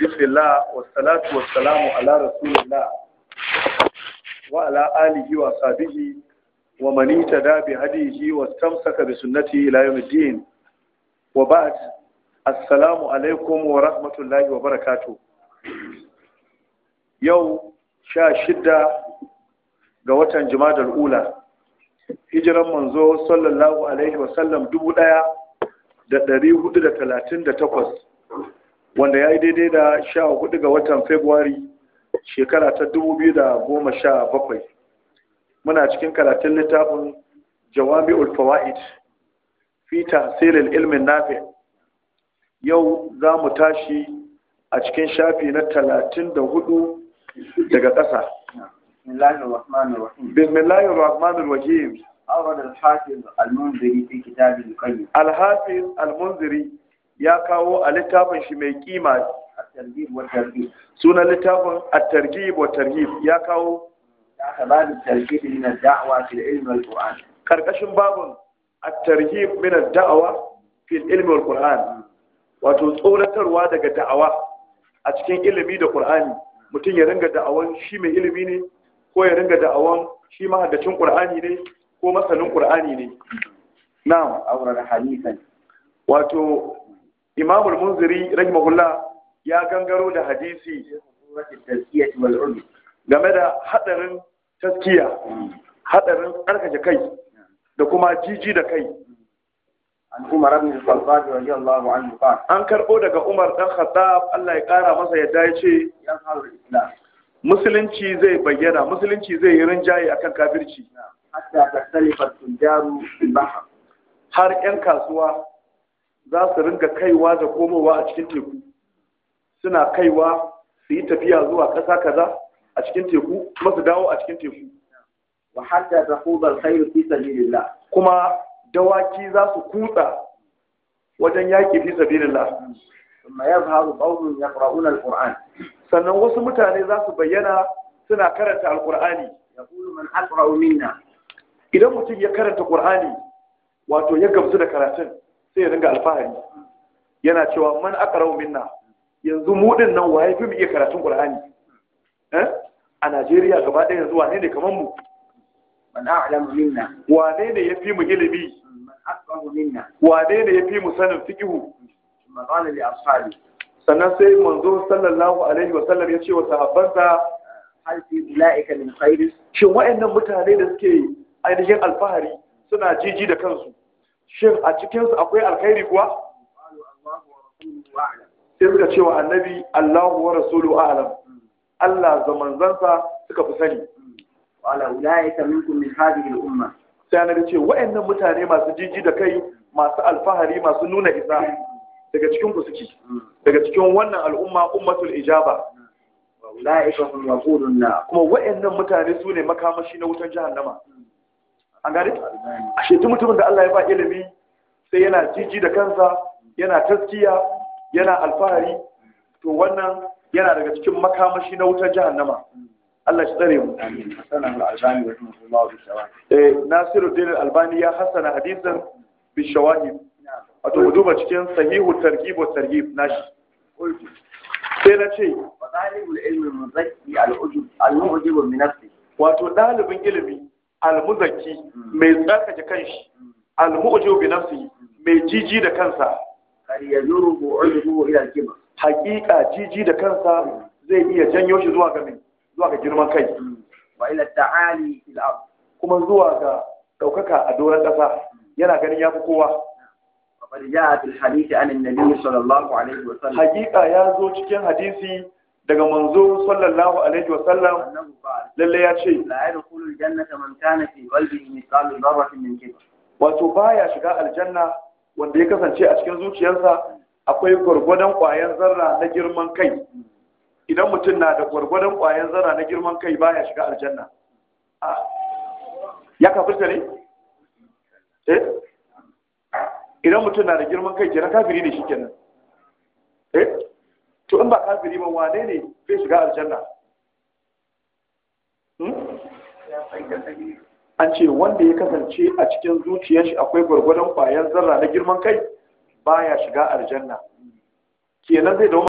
بسم الله والصلاة والسلام على رسول الله وعلى آله وصحبه ومن اهتدى بهديه واستمسك بسنته إلى يوم الدين وبعد السلام عليكم ورحمة الله وبركاته يوم sha shida ga watan jimadar ula hijiran manzo sallallahu alaihi wasallam dubu daya da dari hudu da talatin da takwas wanda ya yi daidai da sha hudu ga watan februari shekara ta dubu biyu da goma sha bakwai muna cikin karatun littafin jawabi ulfawa'id fi tasirin ilmin nafi yau za mu tashi a cikin shafi na talatin da hudu daga ƙasa bismillahi rahmanir rahim أورد الحافظ المنذري في كتاب القيم الحافظ المنذري ya kawo a littafin shi mai kima sunan littafin a targib wa targib ya kawo karkashin babun a targib mina da'awa fil ilmi al wal Qur'an wato tsoratarwa daga da'awa a cikin ilimi da Qur'ani mutum ya ringa da'awan shi mai ilimi ne ko ya ringa da'awan shi mahaddacin Qur'ani ne ko masanin Qur'ani ne na'am aurar hadisan wato Imam al-Munziri rahimahullah ya gangaro da hadisi game da hadarin taskiya hadarin tsarkake kai da kuma jiji da kai an Umar ibn khattab radiyallahu anhu an karbo daga Umar dan Khattab Allah ya kara masa yadda ya ce musulunci zai bayyana musulunci zai yi rinjaye akan kafirci hatta tasalifa har yan kasuwa za su ringa kaiwa da komowa a cikin teku suna kaiwa su yi tafiya zuwa ƙasa kaza a cikin teku kuma su dawo a cikin teku wa hatta tahuba alkhayr fi sabilillah kuma dawaki za su kutsa wajen yaki fi sabilillah thumma yazharu qawmun yaqra'una alquran sannan wasu mutane za su bayyana suna karanta alqur'ani yaqulu man aqra'u minna idan mutum ya karanta qur'ani wato ya gamsu da karatun sai ya ringa alfahari yana cewa man aqra'u minna yanzu mu din nan waye fi muke karatun Qur'ani eh a Najeriya gaba ɗaya yanzu wane ne kamar mu man a'lamu minna wane ne yafi mu ilimi man aqrau minna wane ne yafi mu sanin fiqhu man qala li ashabi sannan sai manzo sallallahu alaihi wa sallam ya ce wa sahabbansa hal fi ulaika min khairis shin wa'annan mutane da suke ainihin alfahari suna jiji da kansu shin a cikinsu akwai alkhairi kuwa sai suka ce wa annabi Allahu wa rasulu a'lam Allah da sa suka fi sani wala ta minkum min hadhihi al-umma sai annabi ce wa'annan mutane masu jiji da kai masu alfahari masu nuna isa daga cikin ku suke daga cikin wannan al'umma ummatul ijaba ulaika hum waqudun kuma wa'annan mutane su ne makamashi na wutan jahannama an gane a duk mutumin da Allah ya ba ilimi sai yana jiji da kansa yana taskiya yana alfahari to wannan yana daga cikin makamashi na wutar jahannama Allah shi tsare mu Nasiru eh Nasiruddin Albani ya hasana hadisan bi shawahid wato duba cikin sahihu targhib wa targhib nashi sai na ce wa dalibul ilmi muzakki al-ujub al-mu'jib min nafsi wato dalibin ilimi almuzaki mai tsarkake kanshi almu'jibu bi nafsi mai jiji da kansa haqiqa jiji da kansa zai iya janyo shi zuwa ga zuwa ga girman kai mm. wa ila ta'ali ila ard kuma zuwa ga daukaka a doron kasa yana ganin yafi kowa qad ja'a al hadith an an-nabi sallallahu alaihi wa sallam ya zo cikin hadisi daga manzo sallallahu alaihi wa sallam lalle ya ce la yadkhulu aljannata man kana fi min kibr wato baya shiga aljanna wanda ya kasance a cikin zuciyarsa akwai gwargwadon ƙwayan zarra na girman kai idan mutum na da gwargwadon ƙwayan zarra na girman kai baya shiga aljanna ya kafirta ne eh idan mutum na da girman kai jira kafiri ne shi kenan eh to in ba kafiri ba wane ne zai shiga aljanna Hmm? an ce wanda ya kasance a cikin zuciyar shi akwai gwargwadon kwayar zarra na girman kai baya shiga aljanna kenan zai da